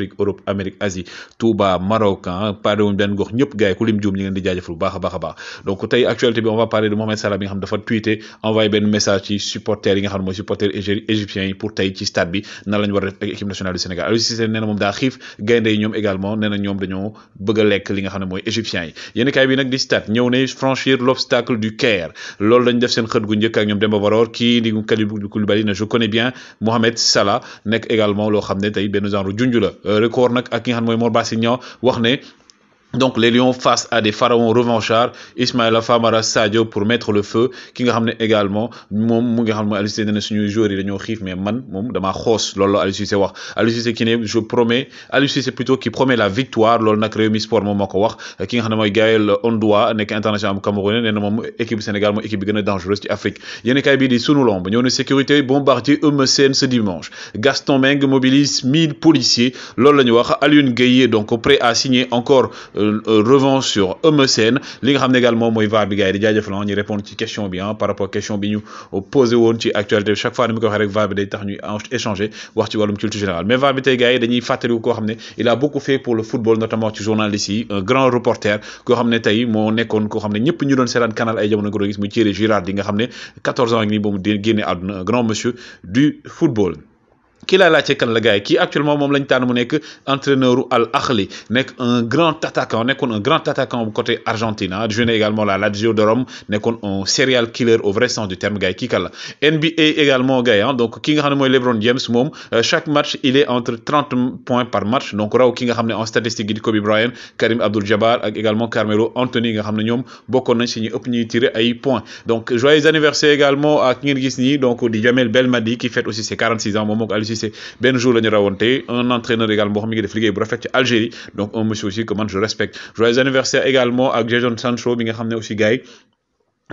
Afrique Europe Amérique Asie Touba Maroc ah paré wuñ benn gox ñëpp gars yi ku lim juum ñu ngeen di jaajëfal bu baax a baax donc tey actualité bi on va parler de Mohamed Salah bi nga xam dafa tweeté envoyé benn message ci supporters yi nga xam ne mooy supporters égyptiens yi pour tey ci stade bi nan la ñu équipe nationale du Sénégal Aliou Cissé nee na moom daa xiif gaynde yi ñoom également nee na ñoom dañoo bëgg a lekk li nga xam ne mooy égyptiens yi yéen kaay bi nag di stade ñëw ne franchir l'obstacle du Caire loolu lañ def seen xët gu njëkk ak ñoom Demba Baroor kii di Kalidou Koulibaly ne je connais bien Mohamed Salah nekk également loo xam ne tey benn genre junj la Euh, record nag ak ki nga xam mooy Mor Bassine Niang wax ne donc les lions face à des pharaons revanchards Ismaïla Famara Sadio pour mettre le feu Qui nga xamné également mom mu nga xam ne Aliou suñu nee joueurs yi dañoo xif mais man mom dama xoss loolu la Aliou wax Aliou Cissé ki ne je promets Aliou c'est plutôt qui promet la victoire loolu nak Rémi Sport mom mako wax ki nga xamné moy Gaël Ondoa nek international camerounais né mom équipe moom équipe Sénégal mooy équipe bi gën a dangereuse ci Afrique yene kay bi di sunu lomb ñëw na sécurité bombardier Eumeu Sène ce dimanche Gaston Meng mobilise 1000 policiers loolu lañu wax Alioune Guèye donc prêt à signer encore euh, euh, euh, revanche sur Eumeu Sène li nga xam ne également mooy VAR bi gars yi di jaajëfal ñu répondre ci question bi hein, par rapport question bi ñu euh, Poser woon ci actualité chaque fois ni mu ko waxee rek VAR bi day tax ñuy échanger wax ci culture générale mais VAR bi tey gars dañuy fàttaliku il a beaucoup fait pour le football notamment ci journaliste yi un grand reporter koo ramener. ne tey moo nekkoon koo n'y a plus ñu doon seetaan canal ay jamono ko doon gis Thierry Girard Il nga ramené 14 ans ak nii ba un grand monsieur du football qui l'a kan la gars qui actuellement moom la ñu mu entraîneur Al Ahly n'est un grand attaquant n'est un grand attaquant du côté argentin ah joué également la Lazio de Rome un serial killer au vrai sens du terme gars qui kii NBA également gars ah, donc King nga et LeBron James mom euh, chaque match il est entre 30 points par match donc là ki King xam en statistique de Kobe Bryant Karim Abdul-Jabbar également Carmelo Anthony nga est ne beaucoup bokkoon nañ si ñu ëpp à tiré points donc joyeux anniversaire également à King ngeen donc di Jamel Belmadi qui fête aussi ses 46 ans c'est benn jour la un entraîneur également mohamed xam nga def bu rafet Algérie donc un monsieur aussi que je respecte joyeux anniversaire également à Jadon Sancho bi nga xamné aussi gars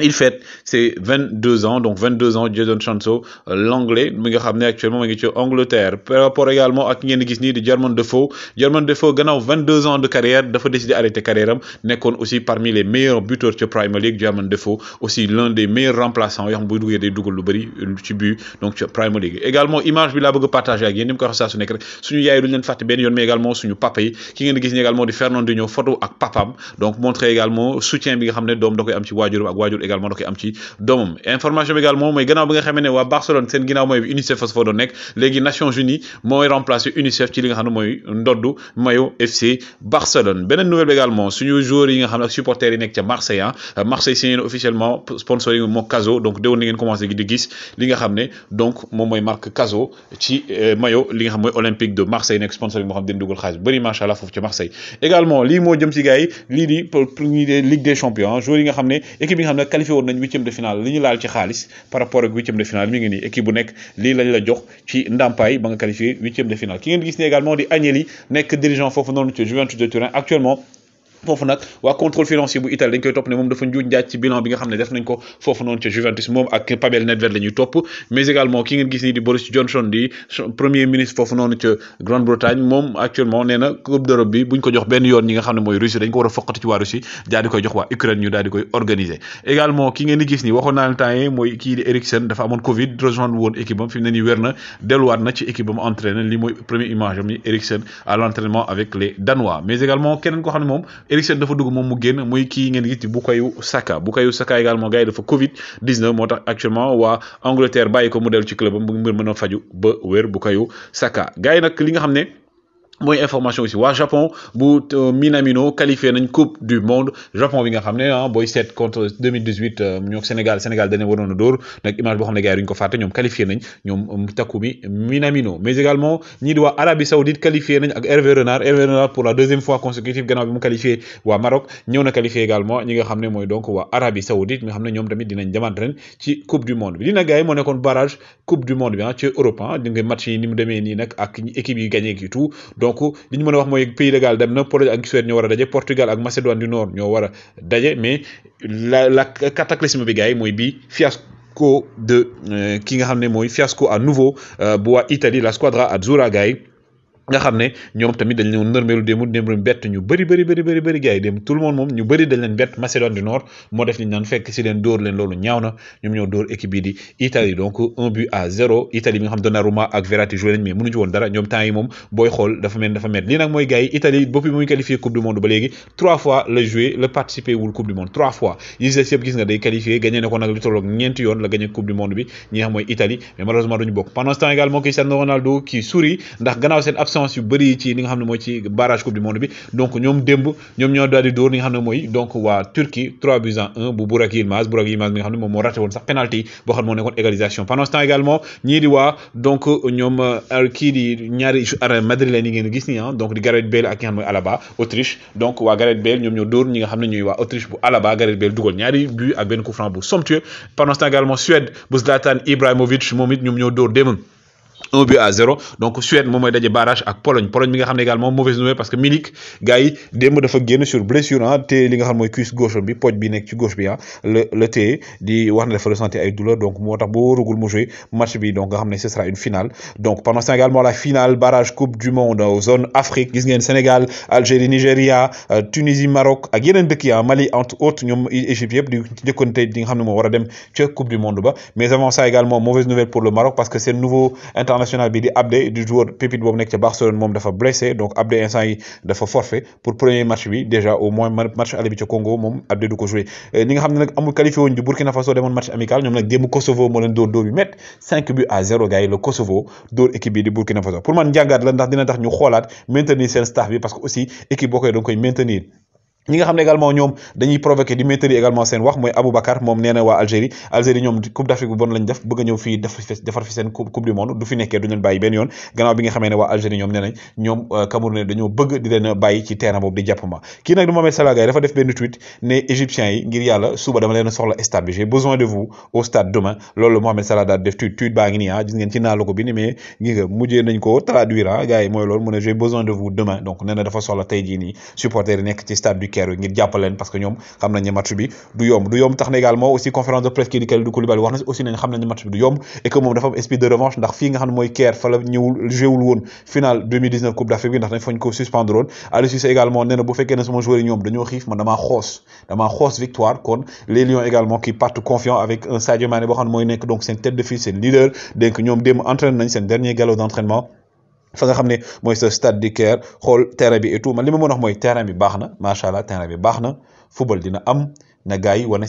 il fait ses 22 ans donc 22 ans Jason Chanso, euh, l'anglais Mais il actuellement en Angleterre par rapport également à ngeen gis de German Defoe German Defoe gagnant 22 ans de carrière dafa décidé arrêter carrière n'est nekkoon aussi parmi les meilleurs buteurs de Premier League German Defoe aussi l'un des meilleurs remplaçants Il xam de duggee day dugal lu euh, donc Premier League également image bi la a partager ak yéen ko su également suñu papa yi ki photo avec papam donc montrer également soutien bi nga xam doom da koy am ci également da am ci doomam information bi également mooy gannaaw bi nga xamné wa Barcelone seen moy mooy UNICEF fas fa doon nekk Nations Unies moy remplacer UNICEF ci li nga xamné moy ndoddu FC Barcelone benen nouvelle également suñu joueurs yi nga xamné ak supporters yi nek ci Marseille ah, Marseille signé officiellement sponsoring Caso donc déwén li ngeen commencé di gis li nga xamné donc moom mooy marque Caso ci euh, mayo li nga xamné moy Olympique de Marseille nek sponsoring moo xam ne dañu dugal bari machallah fofu ci Marseille également li mo jëm ci gars li di pour ligue des champions ah, joueurs yi nga xamné équipe yi nga xamné qualifié woon nañ huitième de finale laal ci par rapport de finale mi ngi équipe bu lañ la jox ci ba nga de finale ki ngeen également Agnelli dirigeant ci Juventus de Turin actuellement fofu nak wa contrôle financier bu Italie dañ koy top né mom dafa njuuj njaaj ci bilan bi nga xamné def nañ ko fofu non ci Juventus mom ak Pavel Nedved lañuy top mais également ki ngeen gis ni di Boris Johnson di premier ministre fofu non ci Grande-Bretagne mom actuellement néna coupe d'Europe bi buñ ko jox ben yoon yi nga xamné moy Russie dañ ko wara fokkati ci wa Russie daal di koy jox wa Ukraine ñu daal di koy organiser également ki ngeen di gis ni waxo na ne temps yii mooy kii di Eriksen dafa amone Covid rejoindre won équipe bam fim mu ne nii wér na ci équipe bam entraîné li moy première image am ni Eriksen à l'entraînement avec les Danois mais également kenen ko xamné mom Eriksen dafa dugg moom mu génn muy kii ngeen gis ni Bukayo Saka Bukayo Saka également gars yi dafa Covid 19 moo tax actuellement waa Angleterre bàyyi ko mu ci club am mu mën a faju ba wér Bukayo Saka gars yi nag li nga xam ne. moy information aussi Wa Japon bu euh, Minamino qualifié nañ coupe du monde Japon bi nga xamné ne ah booy contre 2018 euh, ñok Sénégal Sénégal dañu waroon a nak image bo xamné ne gars yi duñ ko faté ñom qualifié nañ ñoom euh, Takumi Minamino mais également ñii di Arabie Saoudite qualifié nañ ak Hervé Renard Hervé Renard pour la deuxième fois consécutive gannaaw bi mu qualifié wa Maroc ñëw na qualifié également ñi nga xamné moy donc wa Arabie Saoudite nga xamné ñom tamit dinañ demaat ren ci coupe du monde bi dina gaay mo yi barrage coupe du monde bi ah ci Europe hein. di nga match yi ni mu démé ni nak ak équipe yi gagné ak tout donc li ñu mën a wax mooy pays de Galles dem na Pologne ak Suède ñoo a daje Portugal ak Macédoine du Nord ñoo war a daje mais la la cataclysme bi gars yi mooy bii fiasco. de euh, ki nga xam ne mooy fiasco à nouveau euh, bu waa Italie la squadra a gars yi nga xamné ñom tamit dañ ñëw nërmeelu démb démb bett ñu bari bari bari bari bari gay dem tout le monde mom ñu bari dañ leen bet Macédoine du Nord mo def ni ñu fekk ci leen dóor leen lolu ñaawna ñom ñoom ñoo dóor équipe bi di Italie donc un but à 0 Italie bi nga xam Donnarumma ak Verratti joué nañ mais mënuñu won dara ñom temps yi mom boy xol dafa mel dafa mel lii nak moy gay yi Italie boppi muy qualifier coupe du monde ba légui 3 fois le jouer le participer wul coupe du monde 3 fois yi des yëpp gis nga day qualifier gagner na nak lu tolok ñent yoon la gagner coupe du monde bi ñi xam moy Italie mais malheureusement duñu bok pendant ce temps également Cristiano Ronaldo qui sourit ndax gannaaw seen absence absence yu bari ci li nga xam moy ci barrage coupe du monde bi donc ñom demb ñom ñoo daal di dóor li nga xam moy donc wa Turquie 3 buts à 1 bu Burak Yilmaz Burak Yilmaz mi nga xam ne moom moo raté woon sax penalty bo xam mo moo égalisation pendant ce temps également ñi di wa donc ñom euh, kii di ñaari Madrid la ni ngeen gis ni hein ah, donc di Gareth Bale ak ki nga xam ne Alaba Autriche donc wa Gareth Bale ñom ñoo dóor ñi nga xam ne ñuy waa Autriche bu Alaba Gareth Bale dugal ñaari but ak ben coup franc bu somptueux pendant ce temps également Suède bu Zlatan Ibrahimovic moom ñom ñoom ñoo dóor démb 1 but à 0 donc Suède moment mooy barrage ak Pologne Pologne bi nga également mauvaise nouvelle parce que Milik gars yi de dafa sur blessure hein te li nga xam cuisse gauche bi pooj bi nekk ci gauche bi ah, le le la dit di wax ne ressentir ay douleur donc moi tax boo warugul mu match bi donc nga ce sera une finale donc pendant ça également la finale barrage coupe du monde zone Afrique gis Sénégal Algérie Nigeria euh, Tunisie Maroc ak yeneen dëkk ah, Mali entre autres Égypte du di njëkkante di nga coupe du monde ba mais avant ça également mauvaise nouvelle pour le Maroc parce que c'est nouveau national bi di Abdé du joueur pépite bobu nek ci Barcelone mom dafa blessé donc Abdé instant yi dafa forfait pour premier match bi déjà au moins match aller bi ci Congo mom Abdé du ko joué euh, nga xamné nak amul qualifié wuñ du Burkina Faso demone match amical ñom nak démb Kosovo mo len dóor do bi met 5 buts à 0 gars le Kosovo de équipe bi di Burkina Faso pour man njàngaat la ndax dina tax ñu xolaat maintenir sen staff bi parce que aussi équipe bokay maintenir ñi nga xamné ne également ñoom dañuy provoquer di météri également seen wax moy Abou moom mom na wa Algérie Algérie ñoom coupe d'Afrique bu bon lañ def bëgg a ñëw fii def defar fi seen coupe du monde du fi nekké du leen bàyyi benn yoon gannaaw bi nga xamee ne waa Algérie ñoom nee nañ ñoom euh, Cameroun dañoo bëgg di leen bayyi ci terrain bobu di jappuma ki nak di Mohamed Salah Gaye dafa def ben tweet né égyptien yi ngir Yalla suba dama leen soxla stade j'ai besoin de vous au stade demain loolu Mohamed Salah daal def tweet tweet baa ngi nii ah, gis ngeen ci naa bi ni mais ngi nga mujjé nañ ko traduire ha ah, gars moy loolu mu ne j'ai besoin de vous demain donc nee dafa soxla tay ji ni supporters yi nekk ci stade du keer ngir jàppaleen parce que ñom xam nañ ni match bi du yom du yom tax na également aussi conférence de presse qui kii du du Koulibaly wax na aussi nañ xam nañ ni match bi du yom et que mom dafa am esprit de revanche ndax fi nga xam moy mooy keer fa la ñewul woon finale 2019 coupe d'Afrique bi ndax dañ fañ ko suspendre woon Aliou Cissé également néna bu fekké ne sama joueur yi ñoom dañoo xif man dama xoss dama xoss victoire kon les Lions également qui partent confiant avec un Sadio Mané bo xam moy nek donc un tête de file le leader donc ñom démb entraîné nañ sen dernier galop d'entraînement fa nga xam ne mooy sa stade du Caire xool terrain bi et tout man li ma mën a wax mooy terrain bi baax na macha allah terrain bi baax na football dina am. na gars yi wane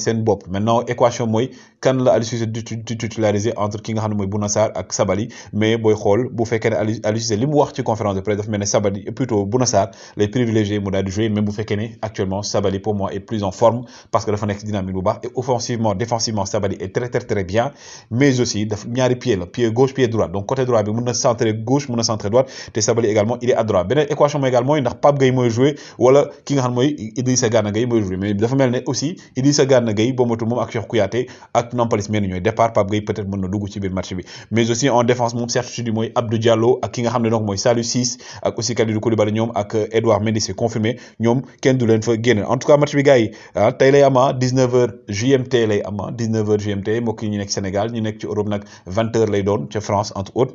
maintenant équation moy kan la titularisé entre ki nga xam moy bounassar ak Sabali mais boy xol bu fekkee ne Aliou limu wax ci conférence de presse dafa Sabali plutôt Bouna Sarr lay les mu daal di jouer même bu fekkee né actuellement Sabali pour moi est plus en forme parce que dafa une dynamique bu baax et offensivement défensivement Sabali est très très très bien mais aussi daf ñaari pied la pied gauche pied droit donc côté droit bi mun na centrer gauche mun na centrer droite té Sabali également il est à droite beneen équation moy également il ndax Pape Gueye moy jouer wala ki nga il moy Idrissa Gana de jouer mais dafa mel aussi Idrissa Gana Gueye bo motu mom ak Cheikh Kouyaté ak Nampalys Mendy ñoy départ pap gay peut-être mën dugg ci bir match bi mais aussi en défense mom certitude moy Abdou Diallo ak ki nga xamné ne donc mooy Salou Ciss ak aussi kadidou Koulibaly ñom ak Edouard Mendy c'est confirmé ñom ken du len fa génne en tout cas match bi gay ah, tay lay ama 19h GMT lay ama 19h GMT moki yi ñu nekk Sénégal ñu nekk ci Europe n'ak 20h lay doon ci France entre autres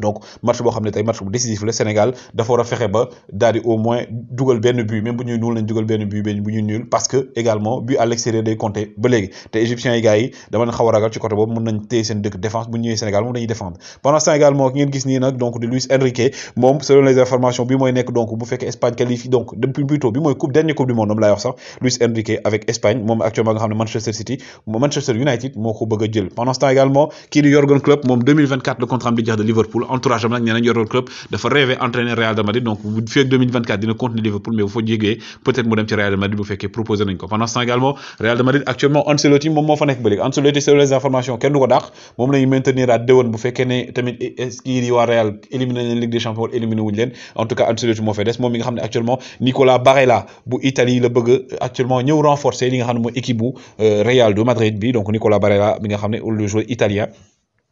donc match bo xamné tay match bu décisif le Sénégal dafa war a fexe ba daldi au moins dougal benn but même bu ñuy nul lañ dougal benn but benn bu ñuy nul parce que également but à l'extérieur day compter ba légui té égyptien yi gars yi dama leen xaw a ragal ci côté bobu mën nañ seen dëkk défense bu ñëwé Sénégal mo dañuy défendre pendant ce temps également ki ngeen gis ni nak donc de Luis Enrique mom selon les informations bi moy nek donc bu féké Espagne qualifie donc depuis plutôt bi moy coupe dernière coupe du monde moom laa wax sax Luis Enrique avec Espagne mom actuellement nga xamné Manchester City Manchester United moko ko bëgg jël pendant ce temps également ki di Jürgen Klopp mom 2024 le contrat bi jeex de Liverpool entourage am nag nee nañ club dafa rêvé entraîner Real de Madrid donc bu fii ak 2024 dina continuer Liverpool mais bu fa jégee peut-être mu dem ci Real de Madrid bu fekkee proposer nañ ko pendant ce temps également Real de Madrid actuellement Ancelotti mom mo fa nek ba Ancelotti c'est les informations kenn du ko dàq moom lañu maintenir à deux bu fekkee ne tamit est-ce qu'il y au Real éliminer la Ligue des Champions éliminer éliminé wuñu en tout cas Ancelotti mo fa des mom mi nga xamné actuellement Nicolas Barella bu Italie la bëgg actuellement ñëw renforcer li nga xamné mo équipe bu euh, Real de Madrid bi donc Nicolas Barella mi nga xamné ne le joueur italien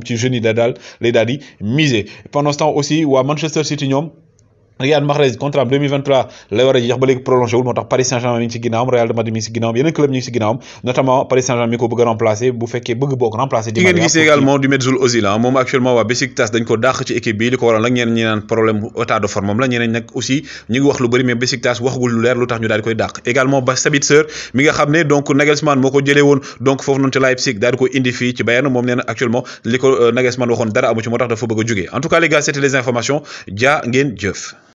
qui ci jeunes les les misé. pendant ce temps aussi à Manchester City Riyad Mahrez contrat 2023 la wara jox ba léegi prolongé wul Paris Saint-Germain mi ci ginnaawam Real Madrid mi ci ginnaawam yeneen club ñu ci ginnaawam notamment Paris Saint-Germain ko bëgg remplacer bu fekkee bëgg bok remplacer. di ngeen également du Mesut Ozil ah moom actuellement wa Besiktas dañ ko dakh ci équipe bi liko ko waral nag ñeneen ñi nan problème état de forme mom la ñeneen nak aussi ñu ngi wax lu bari mais Besiktas waxul lu leer lu tax ñu dal koy également ba Sabitzer mi nga xamné donc Nagelsmann moko ko jëlee donc fofu non ci Leipzig dal di ko indi fi ci Bayern mom nee actuellement liko euh, Nagelsmann waxon dara amu ci motax tax dafa bëgg a en tout cas les gars c'était les informations ja ngeen jëf